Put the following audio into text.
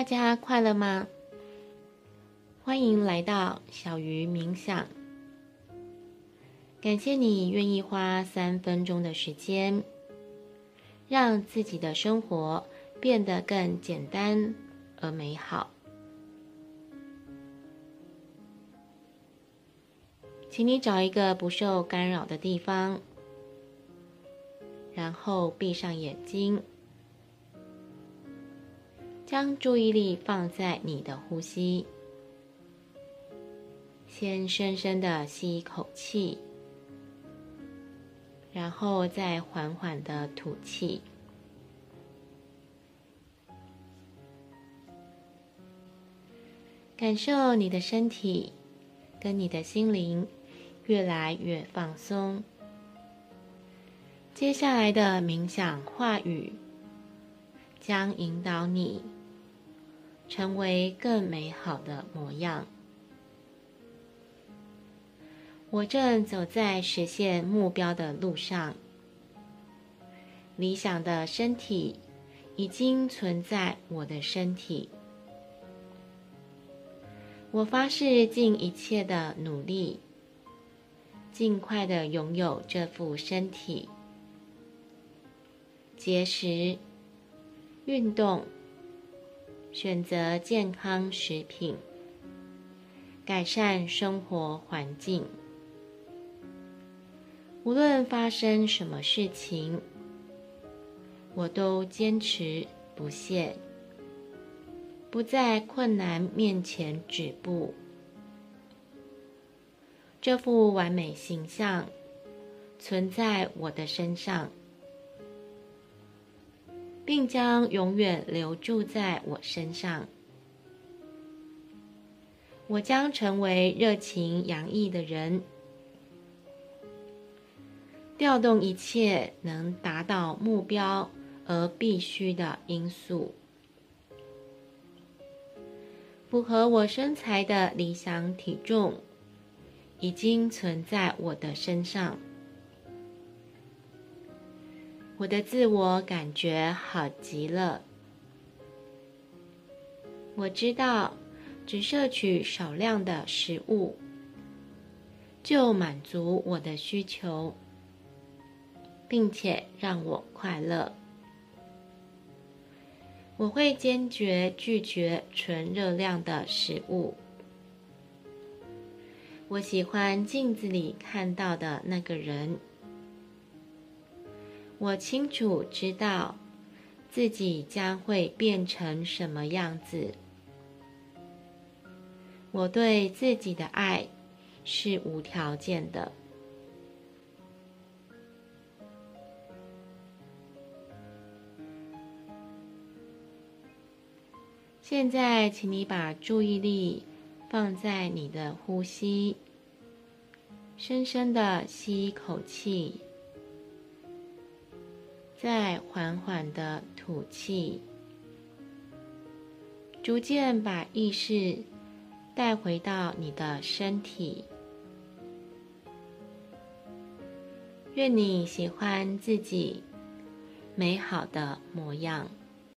大家快樂嗎？歡迎來到小魚冥想。感謝你願意花三分鐘的時間，讓自己的生活變得更簡單而美好。請你找一個不受干擾的地方，然後閉上眼睛。將注意力放在你的呼吸，先深深的吸一口氣，然後再緩緩的吐氣，感受你的身體跟你的心靈越來越放鬆。接下來的冥想話語將引導你。成為更美好的模樣。我正走在實現目標的路上。理想的身體已經存在我的身體。我發誓盡一切的努力，儘快的擁有這副身體。節食，運動。選擇健康食品，改善生活環境。無論發生什麼事情，我都堅持不懈，不在困難面前止步。這副完美形象存在我的身上。並將永遠留住在我身上。我將成為熱情洋溢的人，調動一切能達到目標而必須的因素。符合我身材的理想體重，已經存在我的身上。我的自我感覺好極了。我知道，只攝取少量的食物就滿足我的需求，並且讓我快樂。我會堅決拒絕純熱量的食物。我喜歡鏡子裡看到的那個人。我清楚知道，自己將會變成什麼樣子。我對自己的愛是無條件的。現在，請你把注意力放在你的呼吸，深深的吸一口氣。再緩緩地吐氣，逐漸把意識帶回到你的身體。願你喜歡自己美好的模樣。